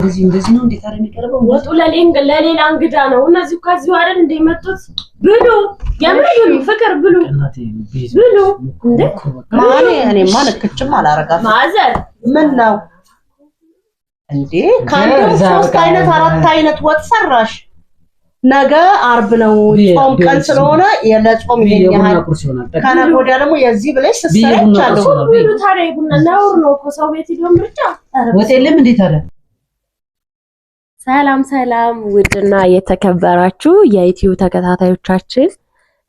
እንደዚህ እንደዚህ ነው። እንዴት አይደል የሚቀርበው? ወጡ ለሌላ እንግዳ ነው። እነዚህ ከዚሁ አይደል እንደ መጡት ብሉ፣ የምር ፍቅር ብሉ፣ ብሉ። እንዴ ማኔ እኔማ ልክችም አላረጋትም። ማዘር ምን ነው እንዴ? ከአንድ ሶስት አይነት አራት አይነት ወጥ ሰራሽ። ነገ አርብ ነው፣ ጾም ቀን ስለሆነ የለጾም ይሄን ያህል ከነገ ወዲያ ደግሞ የዚህ ብለሽ ስትሰራ ይቻለሁ። ሁሉ ታዲያ ቡና ነውር ነው እኮ ሰው ቤት ይሁን ብቻ ወጥ የለም እንዴት ታዲያ ሰላም ሰላም ውድና የተከበራችሁ የኢትዮ ተከታታዮቻችን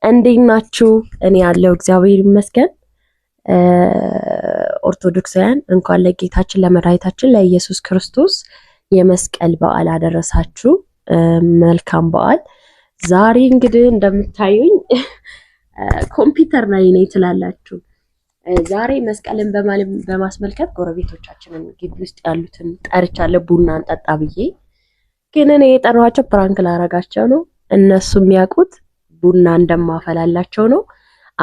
እንዴት ናችሁ? እኔ ያለው እግዚአብሔር ይመስገን። ኦርቶዶክሳውያን እንኳን ለጌታችን ለመድኃኒታችን ለኢየሱስ ክርስቶስ የመስቀል በዓል አደረሳችሁ። መልካም በዓል። ዛሬ እንግዲህ እንደምታዩኝ ኮምፒውተር ላይ ነኝ ትላላችሁ። ዛሬ መስቀልን በማስመልከት ጎረቤቶቻችንን ግቢ ውስጥ ያሉትን ጠርቻለሁ ቡና እንጠጣ ብዬ ግን እኔ የጠራኋቸው ፕራንክ ላረጋቸው ነው። እነሱ የሚያውቁት ቡና እንደማፈላላቸው ነው።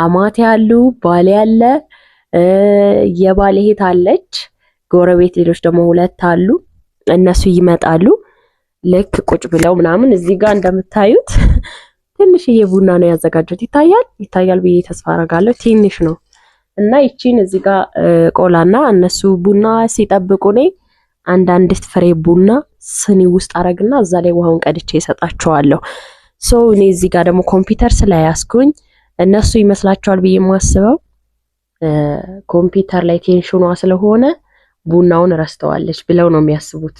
አማቴ ያሉ፣ ባሌ ያለ፣ የባሌ እህት አለች፣ ጎረቤት ሌሎች ደግሞ ሁለት አሉ። እነሱ ይመጣሉ። ልክ ቁጭ ብለው ምናምን እዚህ ጋር እንደምታዩት ትንሽዬ ቡና ነው ያዘጋጀሁት። ይታያል ይታያል ብዬ ተስፋ አረጋለሁ። ትንሽ ነው እና ይቺን እዚህ ጋር ቆላና እነሱ ቡና ሲጠብቁ እኔ አንዳንዲት ፍሬ ቡና ስኒ ውስጥ አረግና እዛ ላይ ውሃውን ቀድቼ እሰጣቸዋለሁ። ሶ እኔ እዚህ ጋር ደግሞ ኮምፒውተር ስለያዝኩኝ እነሱ ይመስላቸዋል ብዬ የማስበው ኮምፒውተር ላይ ቴንሽኗ ስለሆነ ቡናውን ረስተዋለች ብለው ነው የሚያስቡት።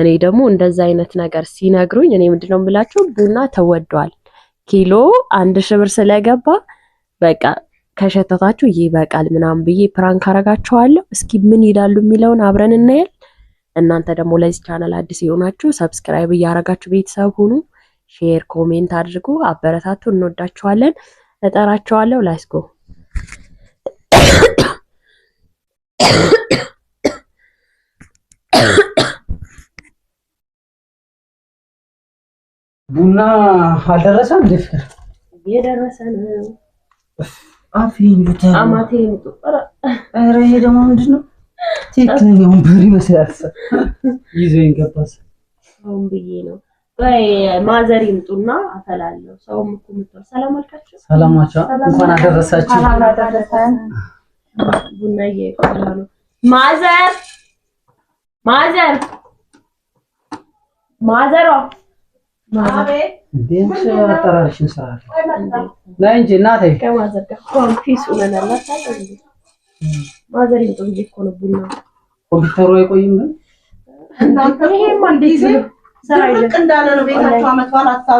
እኔ ደግሞ እንደዛ አይነት ነገር ሲነግሩኝ እኔ ምንድነው የምላቸው ቡና ተወዷል፣ ኪሎ አንድ ሺህ ብር ስለገባ በቃ ከሸተታችሁ ይበቃል ምናምን ብዬ ፕራንክ አረጋቸዋለሁ። እስኪ ምን ይላሉ የሚለውን አብረን እናያል። እናንተ ደግሞ ለዚህ ቻናል አዲስ የሆናችሁ ሰብስክራይብ እያደረጋችሁ ቤተሰብ ሁኑ። ሼር፣ ኮሜንት አድርጉ፣ አበረታቱ። እንወዳችኋለን፣ እጠራችኋለሁ። ላይስጎ ቡና አልደረሰም እንዴ? ፍቅር የደረሰ ነው። አፌ አማቴ ነው። ኧረ ይሄ ደግሞ ምንድን ነው? ቴክኒክ ወንበር ይመስላል ይዞ ይንገባስ አሁን ብዬ ነው። ወይ ማዘር ይምጡና አፈላለው ሰውም እኮ ምጥር ሰላም አልካችሁ። ሰላማችሁ እንኳን አደረሳችሁ። ቡና እየቆላ ነው። ማዘር ማዘር ማዘር ማዘር ማዘር ይምጡ ብዬ እኮ ነው ቡና ኮምፒውተሩ አይቆይም ግን እናንተ ነው ነው ቤታቸው።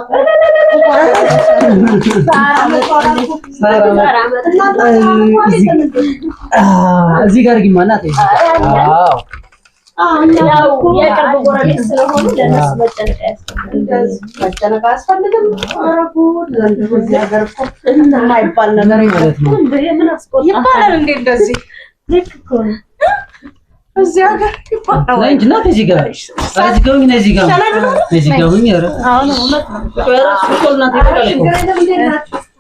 እዚህ ጋር የቅርብ ጎረቤት ስለሆኑ ለእነሱ መጨነቅ አያስፈልግም። ነው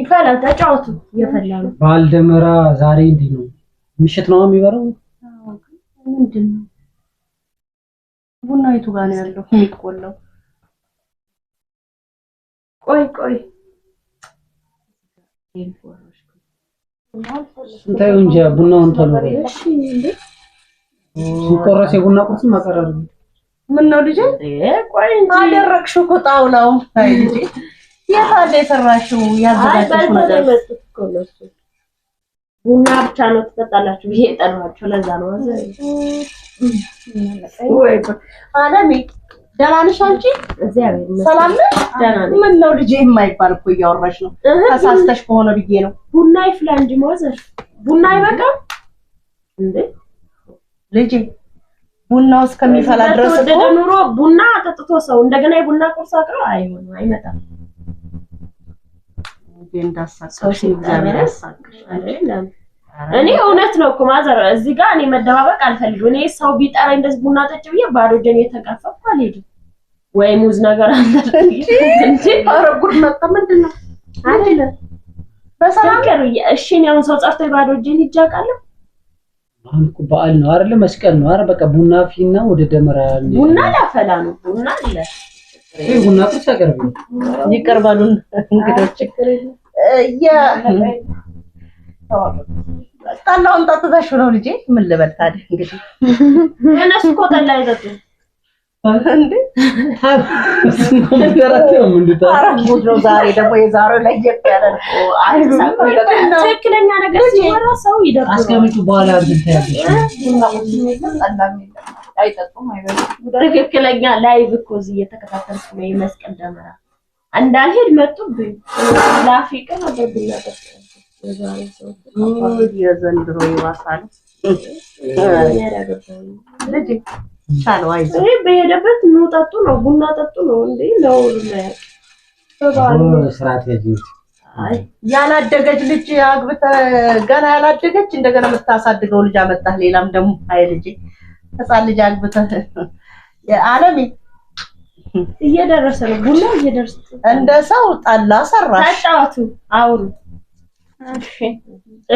ይፈላል። ተጫወቱ እየፈላ ነው። ባልደመራ ዛሬ እንዴት ነው? ምሽት ነው የሚበረው። ምንድን ነው ቡና የቱ ጋር ነው ያለው የሚቆላው? ቆይ ቆይ እንታዩ እንጂ ቡናውን ተሎ ሲቆረስ የቡና ቁርስም አቀራረብ ምን ነው ልጅ ቆይ አደረቅሽው እኮ ጣውላው። አይ ልጄ የት አለ የሰራሽው? ነገር ቡና ብቻ ነው ትጠጣላችሁ ብዬ ጠራኋቸው። ለዛ ነው አለሜ። ደህና ነሽ አንቺ? ሰላም ነሽ? ልጄ የማይባል እኮ እያወራሽ ነው። ተሳስተሽ ከሆነ ብዬ ነው። ቡና ይፍላ እንጂ ማዘር፣ ቡና አይበቃም እንዴ ልጄ? ቡናው እስከሚፈላ ድረስ ኑሮ ቡና ጠጥቶ ሰው እንደገና የቡና ቁርስ አቅርበው አይሆንም፣ አይመጣም እንዳሳቀሽ እግዚአብሔር ያሳቅሽ። እኔ እውነት ነው እኮ ማዘር፣ እዚህ ጋር እኔ መደባበቅ አልፈልግም። እኔ ሰው ቢጠራ እንደዚህ ቡና ጠጭ ብዬ ባዶ እጄን የተቀፈፍኩ አልሄድም። ወይ ሙዝ ነገር አለ እንጂ ኧረ መጣ። ምንድን ነው አይደለም በሰላም ቀር። እሺ እኔ ሰው ጠርቶኝ ባዶ እጄን ሂጅ አውቃለሁ። አሁን እኮ በዓል ነው አይደለ? መስቀል ነው አይደል? በቃ ቡና ፊና ወደ ደመራ ቡና ላፈላ ነው። ቡና አለ ቡና ቁጭ ያቀርቡ ይቀርባሉ እንግዶች ችግር የለም ጠላውን ጠጥተሽ ነው ልጄ? ምን ልበል ታዲያ እንግዲህ እነሱ እኮ ጠላ አይጠጡም። ዛሬ ደግሞ የዛሬው ለየት ያለ ትክክለኛ ነገር ሲወራ ሰው ይደርሳል። በኋላ ትክክለኛ ላይቭ እኮ እዚህ እየተከታተልኩ ነው የመስቀል ደመራ እንዳልሄድ መጡብኝ። ላፊ ቀን ነበር የዘንድሮ ይባሳል። በሄደበት ኑ ጠጡ ነው ቡና ጠጡ ነው እንዴ ነው ያላደገች ልጅ አግብተህ ገና ያላደገች እንደገና የምታሳድገው ልጅ አመጣህ። ሌላም ደግሞ አይ ልጅ ህፃን ልጅ አግብተ አለሜ እየደረሰ ነው ቡና እየደረሰ እንደ ሰው ጠላ ሰራሽ ተጫወቱ፣ አውሩ።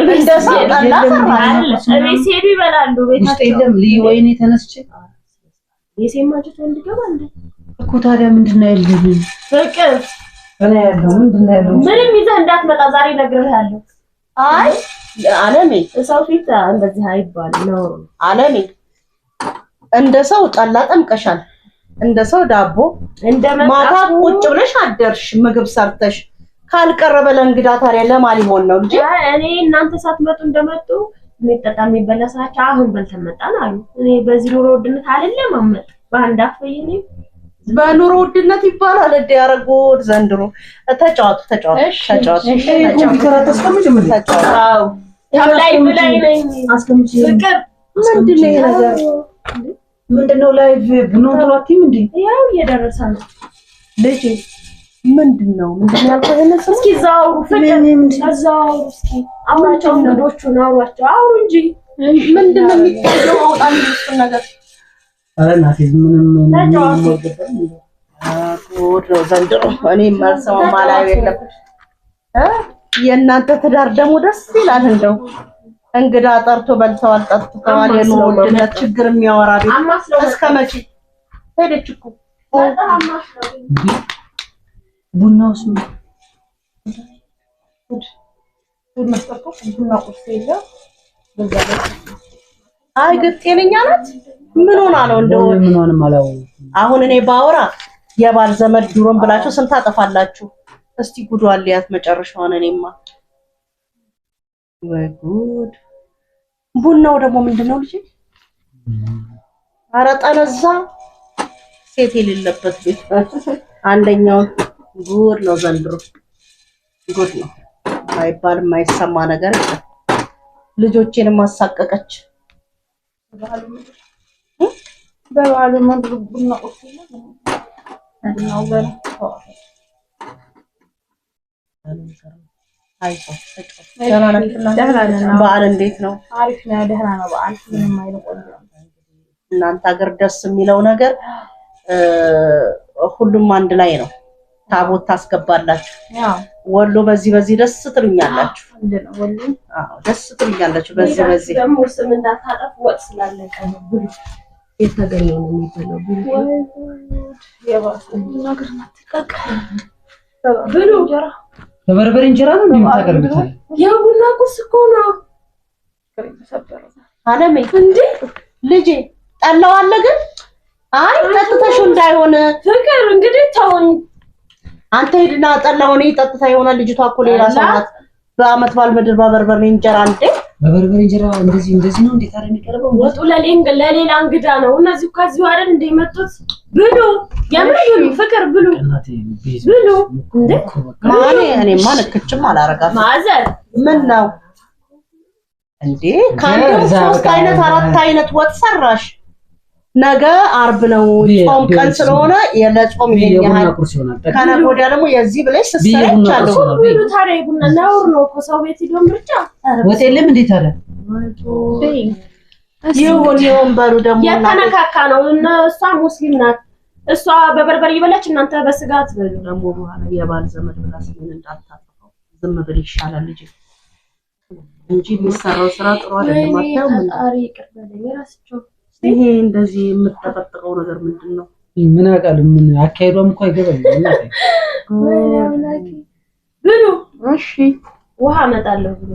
እንደ ሰው ጠላ ሰራሽ። እቤት ሲሄዱ ይበላሉ። ቤታቸው የለም ልዩ ወይኔ ተነስቼ ወንድ ገባ እንደ እኮ ታዲያ ምንድን ነው ፍቅር እኔ ያለው ምንድን ነው ያለው? ምንም ይዘህ እንዳትመጣ ዛሬ እነግርሃለሁ። አይ አለሜ ሰው ፊት እንደዚህ አይባልም ነው አለሜ። እንደ ሰው ጠላ ጠምቀሻል እንደ ሰው ዳቦ ማታ ቁጭ ብለሽ አደርሽ ምግብ ሰርተሽ ካልቀረበ ለእንግዳ ታዲያ ለማን ሊሆን ነው? እንጂ እኔ እናንተ ሳትመጡ እንደመጡ የሚጠጣ የሚበለሳቸው አሁን በልተን መጣን አሉ። እኔ በዚህ ኑሮ ውድነት አይደለም አመጥ በአንድ አፍ በኑሮ ውድነት ይባላል እንደ ያረጎድ ዘንድሮ። ተጫወቱ ተጫወቱ ምንድነው ላይቭ ብኖ ብኖትሮቲም እንዴ? ያው እየደረሰ ነው ልጅ። ምንድነው ምንድነው ያልከው? እነሱ እስኪ ዛው ፍቅር ዛው እስኪ አውራቸው፣ እንግዶቹን አውራቸው፣ አውሩ እንጂ ምንድነው የሚታየው? አውጣን እሱ ነገር። አረ እናቴ ምንም ነው ዘንድሮ። እኔ ማልሰማ ማላየው የለም። የእናንተ ትዳር ደግሞ ደስ ይላል እንደው እንግዳ ጠርቶ በልተዋል ጠጥተዋል። የኑሮ ውድነት ችግር የሚያወራ ቤት እስከ መቼ ሄደች እኮ ቡናውስ አይ ግን ጤነኛ ናት። ምን ሆና ነው እንደው አሁን እኔ ባወራ የባል ዘመድ ድሮን ብላችሁ ስንት አጠፋላችሁ? እስቲ ጉዷን ሊያት መጨረሻዋን እኔማ ወይ ጉድ! ቡናው ደግሞ ምንድን ነው ልጅ? ኧረ ጠነዛ ሴት የሌለበት ቤት አንደኛውን ጉድ ነው ዘንድሮ። ጉድ ነው ማይባል የማይሰማ ነገር የለም። ልጆቼን ማሳቀቀች። በባሉ ምድር ቡና ቁርስ በዓል እንዴት ነው? አሪፍ ነው። ደህና ነው በዓል። ምንም አይልም። እናንተ ሀገር ደስ የሚለው ነገር ሁሉም አንድ ላይ ነው። ታቦት ታስገባላችሁ። ወሎ በዚህ በዚህ ደስ ትሉኛላችሁ። አዎ ደስ ትሉኛላችሁ። በዚህ በዚህ ደግሞ ስምና ታጠፍ ወጥ ስላለቀ ነው የተገኘው የሚባለው ብሉ በበርበሬ እንጀራ ነው እንደምታቀርብት? ያ ቡና ቁርስ እኮ ነው። እንዴ ልጄ ጠላው አለ ግን አይ ጠጥተሽ እንዳይሆን ፍቅር፣ እንግዲህ ተውን አንተ ሄድና ጠላው። ጠጥታ ይሆናል ልጅቷ እኮ ሌላ ሰው ናት። በአመት ባል ምድር በበርበሬ እንጀራ እንዴ በበርበሬ እንጀራ እንደዚህ እንደዚህ ነው። እንዴት አይደል የሚቀርበው? ወጡ ለሌላ እንግዳ ነው። እነዚህ ከዚሁ አይደል እንደ የመጡት ብሉ፣ የምር ፍቅር ብሉ፣ ብሉ። እንዴ ማኔ እኔማ ልክችም አላረጋት ማዘር ምን ነው እንዴ? ከአንድ ሶስት አይነት አራት አይነት ወጥ ሰራሽ ነገ አርብ ነው፣ ጾም ቀን ስለሆነ የለጾም ይሄን ያህል ከነገ ወዲያ ደግሞ የዚህ ብለሽ ስትሰራቻለሁ ነው የተነካካ ነው እሷ ሙስሊም ናት። እሷ በበርበሬ ይበላች፣ እናንተ በስጋት ደግሞ በኋላ የባል ዘመድ ብላ ስለሆነ እንዳታጠፈው ዝም ብል ይሻላል ልጅ እንጂ የሚሰራው ስራ ጥሩ አይደለም። ይሄ እንደዚህ የምጠጠጥቀው ነገር ምንድን ነው? ምን አውቃል? ምን አካሄዷም እኮ አይገባኝ። ብሉ እሺ፣ ውሃ እመጣለሁ ብሎ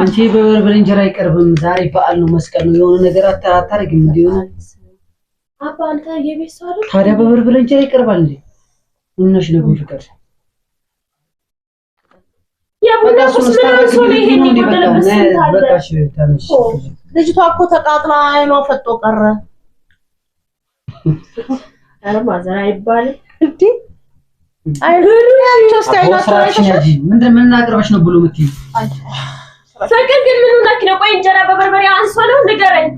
አንቺ በበርበሬ እንጀራ አይቀርብም። ዛሬ በዓል ነው፣ መስቀል ነው። የሆነ ነገር እንዴ? አባ አንተ የቤት ሰው አይደል? ታዲያ በበርበሬ እንጀራ ይቀርባል እንዴ? ምነሽ ነው ፍቅር ልጅቷ እኮ ተቃጥላ አይኗ ፈጦ ቀረ። ኧረ ማዘር አይባልም ነው ብሎ የምትይኝ ፍቅር ግን ምን ነው? ቆይ እንጀራ በበርበሬ አንሶ ነው ንገረኝ።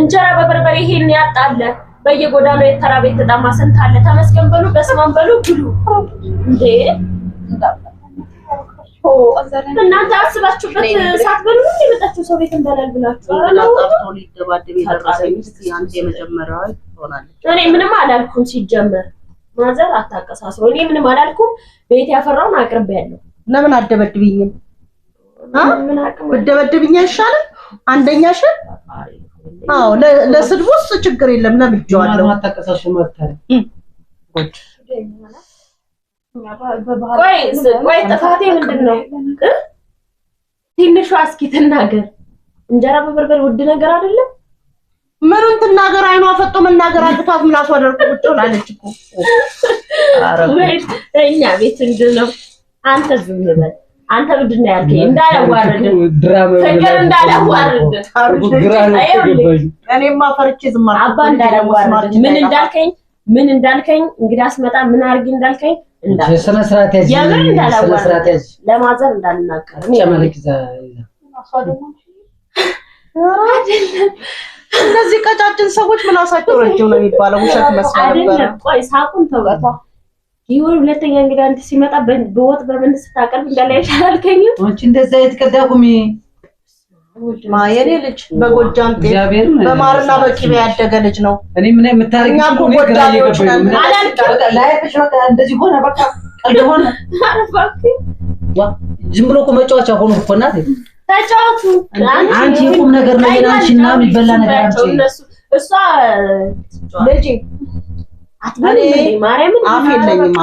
እንጀራ በበርበሬ ይሄን ያጣለ በየጎዳናው የተራ ቤት ስንት አለ። ተመስገን በሉ፣ በስመ አብ በሉ፣ ብሉ እንዴ እናንተ አስባችሁበት ሳትበሉ ምን የመጣችሁ ሰው ቤት እንበላል ብላችሁ እኔ ምንም አላልኩም። ሲጀመር ማዘር አታቀሳስሮ። እኔ ምንም አላልኩም። ቤት ያፈራውን አቅርቤያለሁ። ለምን አደበድብኝም? ብደበድብኝ አይሻልም? አንደኛሽን አዎ፣ ችግር የለም። ለምጄዋለሁ። አታቀሳስሮ ቆይ ጥፋቴ ምንድን ነው? ትንሿ እስኪ ትናገር። እንጀራ በበርበሬ ውድ ነገር አይደለም። ምኑን ትናገር? አይኗ ፈጦ መናገር አቅቷት ቁጭ ብላለች እኮ። እኛ ቤት ምንድን ነው? አንተ ዝም በል። አንተ ምንድን ነው ያልከኝ? እንዳላዋርድ ፍቅር እንዳላዋርድ። እኔማ ፈርቼ ዝም አልኩ። አባ እንዳላዋርድ ምን እንዳልከኝ ምን እንዳልከኝ እንግዲህ አስመጣ ምን አድርጊ እንዳልከኝ ስነ ስርዓት ያዝ፣ ስነ ስርዓት ያዝ። ለማዘር እንዳልናገር እነዚህ ቀጫጭን ሰዎች ምላሳቸው ረጅም ነው የሚባለው ውሸት መስላ ቆይ ሳቁን ተውቀቷ ይሁን። ሁለተኛ እንግዲህ አንተ ሲመጣ በወጥ በምን ስታቀርብ እንዳላይ ይሻላል አንቺ እንደዛ የትቀዳቁሚ የኔ ልጅ በጎጃም ጤፍ በማርና በቂቤ ያደገ ልጅ ነው። እኔ ምን ነው? እንደዚህ ሆነ፣ በቃ ሆነ። ዝም ብሎ እኮ መጫወቻ ሆኖ እኮ እናቴ ተጫወቱ። አንቺ የቁም ነገር ነው አንቺና የሚበላ ነገር አንቺ እሷ ልጅ ማርያምን አፍ የለኝም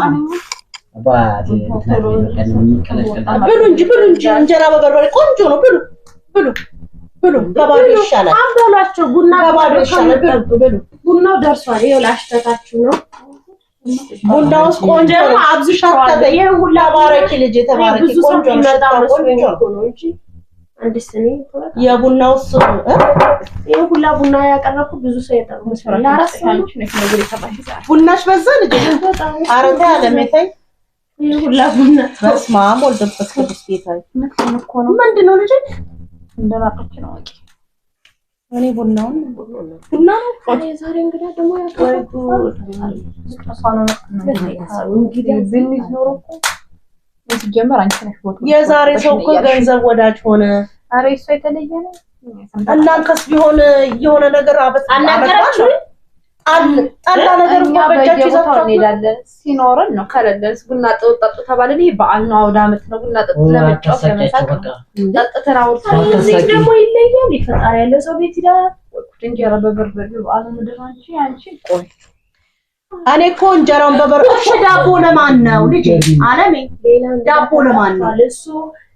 ብሉ እንጂ ብሉ እንጂ እንጀራ በበርበሬ ቆንጆ ነው ብሉ ብሉ ብሉ በባዶ ይሻላል። አንበሏቸው ቡና በባዶ ይሻላል። ቡናው ደርሷል። ይኸው ላሽተታችሁ ነው። ቡናውስ ቆንጆ ነው። አብዝሻታለ። ይሄ ሁላ ባረኪ ልጅ የተባረኪ ቆንጆ አንድ ስኒ የቡናው እሱ ይሄ ሁላ ቡና ያቀረብኩ ብዙ ሰው የጠሩ መስራት ቡናሽ በዛ ልጅ አረታ ለሜታይ ይሄ ሁላ ቡና በስመ አብ ቅዱስ ጌታ ምንድን ነው ልጅ እንደናፈች ነው አውቂ። እኔ ቡናውን ቡና ነው ዛሬ እንግዳ ደግሞ ሲጀመር አንቺ ነሽ ቦታ የዛሬ ሰው እኮ ገንዘብ ወዳጅ ሆነ። ኧረ እሷ የተለየ ነው እና ቢሆን የሆነ ነገር አበጣ አናገራችሁ አለ ጠላ ነገር ማበጃችሁ ይዛችሁ እንሄዳለን። ሲኖረን ነው ከሌለንስ ቡና ጠጡ ተባለን። ይሄ በዓል ነው፣ አውደ ዓመት ነው። ቡና ጠጡ ለመጫወት ለመሳቅ ጠጥተን አውርተን ደግሞ ይለያል። ይፈጣሪ ያለ ሰው ቤት ይላል። እንጀራ በበርበሬ በዓል ምድር አንቺ አንቺ ቆይ እኔ እኮ እንጀራውን በበርበሬ ዳቦ ለማን ነው ልጅ አለሜ ዳቦ ለማን ነው እሱ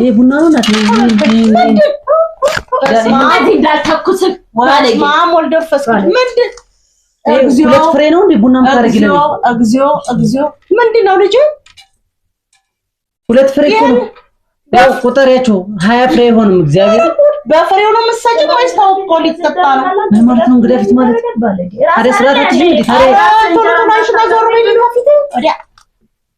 ይሄ ቡና ነው ናት ሁለት ፍሬ ነው እንዴ? ቡና ምታረጊ ምንድን ነው ልጅ? ሁለት ፍሬ እኮ ነው ያው ቁጠሪያቸው። ሀያ ፍሬ አይሆንም። እግዚአብሔር በፍሬው ነው መሳጭ ወይስ ታው እኮ ሊጠጣ ነው ማለት ነው። እንግዳ ፊት ማለት ታዲያ ስርዓታችን እንዴ ታዲያ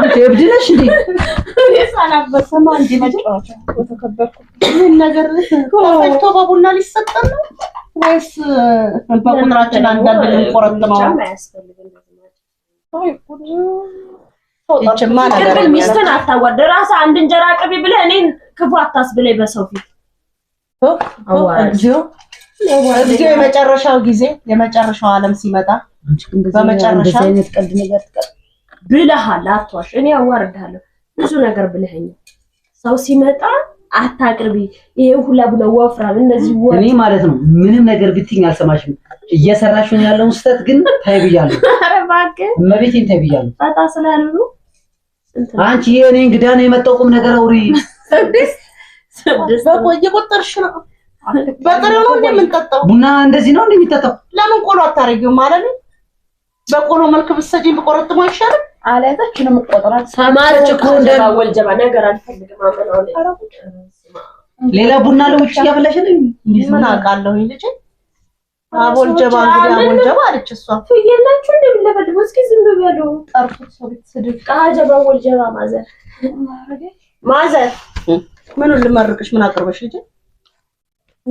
አንቺ እብድ ነሽ እንዴ? ሳላት በሰማ መጫወቻ ተከበርኩ። ምን ነገር ተፈጭቶ በቡና ሊሰጠን ነው ወይስ በቁጥራችን አንዳንድ ልንቆረጥመው? ቅብል ሚስትን አታዋርድ። እራስህ አንድ እንጀራ ቅቢ ብለ እኔን ክፉ አታስብለኝ በሰው ፊት እዚሁ። የመጨረሻው ጊዜ የመጨረሻው አለም ሲመጣ በመጨረሻ አይነት ቀልድ ነገር ብለሃል። አትዋሽ። እኔ አዋርድሃለሁ። ብዙ ነገር ብለኸኛል። ሰው ሲመጣ አታቅርቢ። ይሄ ሁላ ብለ ወፍራም እንደዚህ ወ እኔ ማለት ነው ምንም ነገር ብትይኝ አልሰማሽም። እየሰራሽ ነው ያለውን ስህተት ግን ተይ ኧረ እባክህ እመቤቴን ተይ ጣጣ ስላሉ አንቺ ይሄ እኔ እንግዳ ነው የመጣው ቁም ነገር አውሪ። ስድስት እየቆጠርሽ ነው። በጥሬው ነው እንደምንጠጣው ቡና እንደዚህ ነው እንደሚጠጣው። ለምን ቆሎ አታረጊው ማለት ነው በቆሎ መልክ ብትሰጪኝ ብቆረጥሞ አይሻልም? አለያታችንም ቆጥራት ሳማርች እኮ ወልጀባ ነገር አልፈልግም። ሌላ ቡና ለውጭ እያፈላሽልኝ ምን አውቃለሁ። ልጅ አቦልጀባ እንግዲህ ጀባ አለች እሷ። ትየላችሁ እንደምለበድቦ እስኪ ዝም በሉ። ጠርቶት ሰው ስድብ ቃጀባ ጀባ ማዘር ማዘር ምኑን ልመርቅሽ? ምን አቅርበሽ ልጅ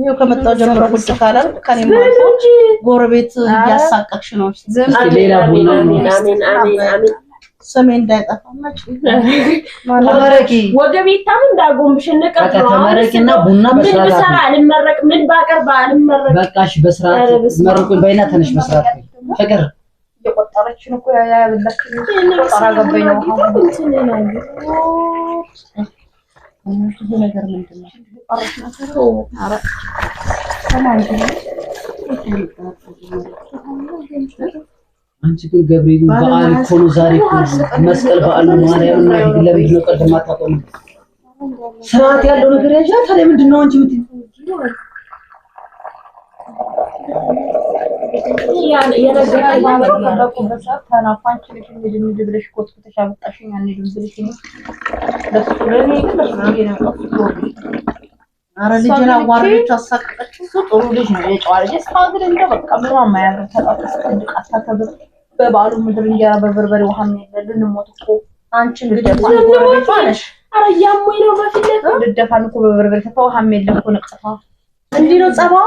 ይኸው ከመጣሁ ጀምሮ ቁጭ ካላልኩ ከኔም ጎረቤት እያሳቀቅሽ ነው። ስሜ እንዳይጠፋ ወገቤ ታም ንቀት ቡና መስራት ምን ፍቅር እየቆጠረችን ነው ነገር ምንድን ነው? አንቺ ግን ገብርኤል በዓል እኮ ነው ዛሬ፣ መስቀል በዓል ነው። ማርያም እና ለቤት ነው ቀልድ ማጣጣው ስርዓት ያለው ነገር ያዣ። ታዲያ ምንድን ነው አንቺ ምት ያ አረ ልጅን አዋርዶች አሳቀቀችው። ጥሩ ልጅ ነው የጨዋ ልጅ ስፋግል እንደ በቃ ምሮ ማያገር ተጣጣስ ቀንድቃታ ምድር እንጀራ በበርበሬ ውሃ የሚያለ ልንሞት እኮ አንቺን ልደፋ ነው በበርበሬ ተፋ ውሃ የሚያለ እኮ ነቅጥፋ እንዲህ ነው ጸባዋ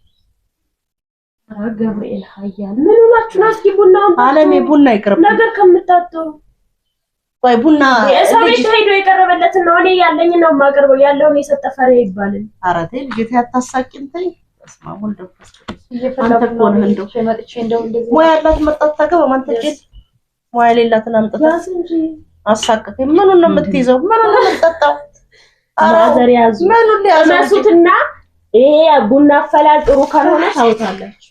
ገብርኤል ሀያል ምን ሆናችሁ ነው? እስኪ ቡና አለሜ ቡና ይቅርብ ነገር ከምታጠሩ ወይ ቡና ሰው ቤት ሄዶ የቀረበለትን ነው። እኔ ያለኝ ነው የማቀርበው። ያለውን የሰጠ ፈሬ ይባላል። ኧረ ተይ ተይ በስመ አብ ወልድ ወመንፈስ ቅዱስ። አንተ እኮ ነህ እንደው ሙያ ያላት መጣት ታገባም። አንተ ሙያ የሌላትን አምጥተህ ምኑን ነው የምትይዘው? ምኑን ነው የምትጠጣው? ማዘር ያዙ ምኑን ሊያዙ መሱትና ይሄ ቡና አፈላል ጥሩ ካልሆነ ታውታላችሁ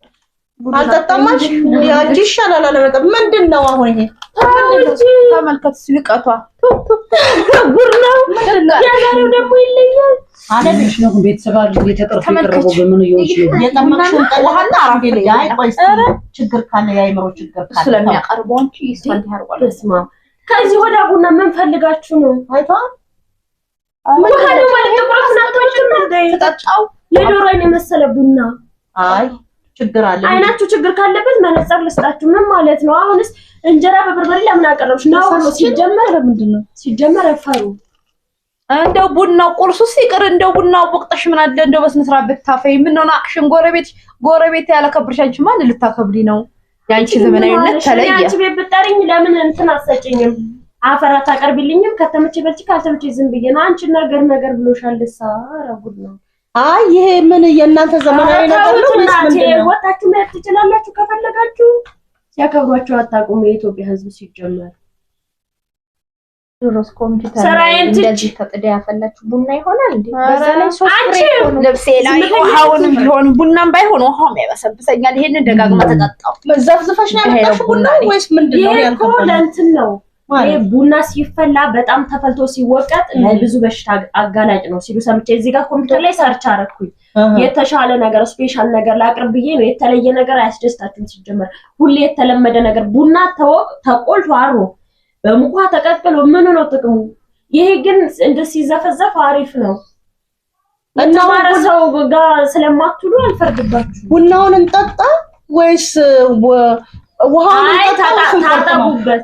አልጠጣማሽ ያቺ ይሻላል አለመጠጥ ምንድን ነው አሁን ይሄ ተመልከት ስልቀቷ ጉር ነው ያለው ደግሞ ይለያል አለሽ ነው ቤተሰብ ችግር ካለ ችግር ካለ ከዚህ ወደ ቡና ምን ፈልጋችሁ ነው የመሰለ ቡና አይ ችግር አለ። አይናችሁ ችግር ካለበት መነጽር ልስጣችሁ። ምን ማለት ነው? አሁንስ እንጀራ በበርበሬ ለምን አቀረብሽ? ነው ሲጀመር ምንድን ነው ሲጀመር ፈሩ እንደው ቡና ቁርሱ ሲቅር እንደው ቡናው ቦቅጠሽ ምን አለ እንደው በስነ ስርዓት ብታፈይ ምን ነው ናቅሽን ጎረቤት ጎረቤት ያለከብርሽ አንቺ ማን ልታከብሪ ነው? የአንቺ ዘመናዊነት ተለየ። አንቺ ቤት ብጠሪኝ ለምን እንትን አትሰጪኝም? አፈር አታቀርቢልኝም? ከተመቼ በልቼ ካልተመቼ ዝም ብዬ ነው። አንቺ ነገር ነገር ብሎሻል። ሳራ ጉድ ነው አይ ይሄ ምን የእናንተ ዘመናዊ ነገር ነው ወይስ ምንድን ነው? ወጣችሁ መሄድ ትችላላችሁ ከፈለጋችሁ። ሲያከብሯችሁ አታውቁም የኢትዮጵያ ሕዝብ ሲጀመር። ድሮስ ኮምፒውተር እንደዚህ ከጥዳ ያፈላችሁ ቡና ይሆናል እንዴ? በዛ ልብሴ ላይ ውሃውንም ቢሆን ቡናም ባይሆን ውሃውም ያበሰብሰኛል። ይሄንን ደጋግማ ተጠጣው። መዛፍ ነው ያመጣሽው ቡና ወይስ ምንድን ነው? ይሄ እኮ ለእንትን ነው ቡና ሲፈላ በጣም ተፈልቶ ሲወቀጥ ለብዙ በሽታ አጋላጭ ነው ሲሉ ሰምቼ እዚህ ጋር ኮምፒውተር ላይ ሰርች አረኩኝ። የተሻለ ነገር ስፔሻል ነገር ላቅርብ ብዬ ነው። የተለየ ነገር አያስደስታችሁም። ሲጀመር ሁሌ የተለመደ ነገር ቡና ተወቅ ተቆልቶ አሮ በሙኳ ተቀቅሎ ምኑ ነው ጥቅሙ? ይሄ ግን እንደ ሲዘፈዘፍ አሪፍ ነው። ሰው ጋር ስለማትሉ አልፈርድባችሁ። ቡናውን እንጠጣ ወይስ ውሃውን እንጠጣ? ታጠቡበት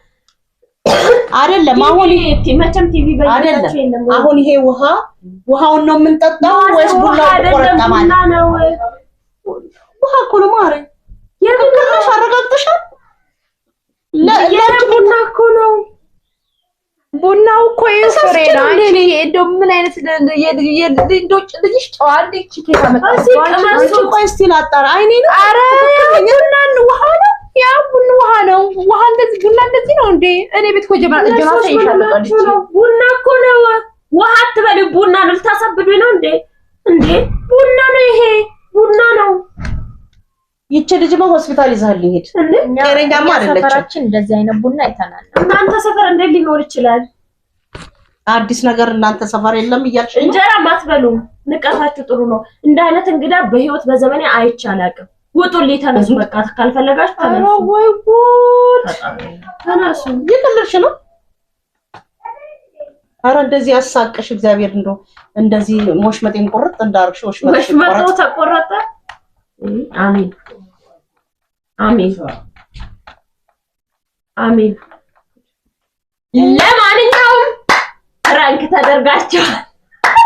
አይደለም አሁን ይሄ መቼም ቲቪ በየቤታችሁ የለም። አሁን ይሄ ውሃ ውሃውን ነው የምንጠጣው ወይስ ቡና ነው? ውሃ እኮ ነው ማሪ፣ የምንቀረሽ አረጋግጠሻል? ቡና እኮ ነው። ቡናው እኮ የሱሬ ነው። አንቺ እንደው ምን አይነት የልጆች ልጅሽ ጨዋለች? ኬታ መጣ። ቆይ እስቲ ላጣራ አይኔ ነው። አረ ቡና ውሃ ነው ያ ቡና ውሃ ነው። ውሃ እንደዚህ ቡና እንደዚህ ነው እንዴ? እኔ ቤት ኮጀባ ጀባ ቡና እኮ ነው። ውሃ አትበል። ቡና ነው። ልታሳብዱ ነው እንዴ? እንዴ ቡና ነው። ይሄ ቡና ነው። ይቺ ልጅማ ሆስፒታል ይዛልኝ ሄድ። ጤነኛማ አይደለችም። ሰፈራችን እንደዚህ አይነት ቡና አይተናል። እናንተ ሰፈር እንዴት ሊኖር ይችላል? አዲስ ነገር እናንተ ሰፈር የለም እያልሽ እንጀራ ማትበሉም። ንቀታችሁ ጥሩ ነው። እንደ አይነት እንግዳ በህይወት በዘመኔ አይቼ አላውቅም። ውጡልኝ ተነሱ። በቃ ካልፈለጋችሁ ተነሱ። ወይ ጉድ! ተነሱ። እየቀለድሽ ነው። አረ እንደዚህ አሳቅሽ። እግዚአብሔር እንደው እንደዚህ ወሽመጤን ቁርጥ እንዳርግሽ። ወሽመጡ ተቆረጠ። አሜን፣ አሜን፣ አሜን። ለማንኛውም ራንክ ተደርጋችኋል።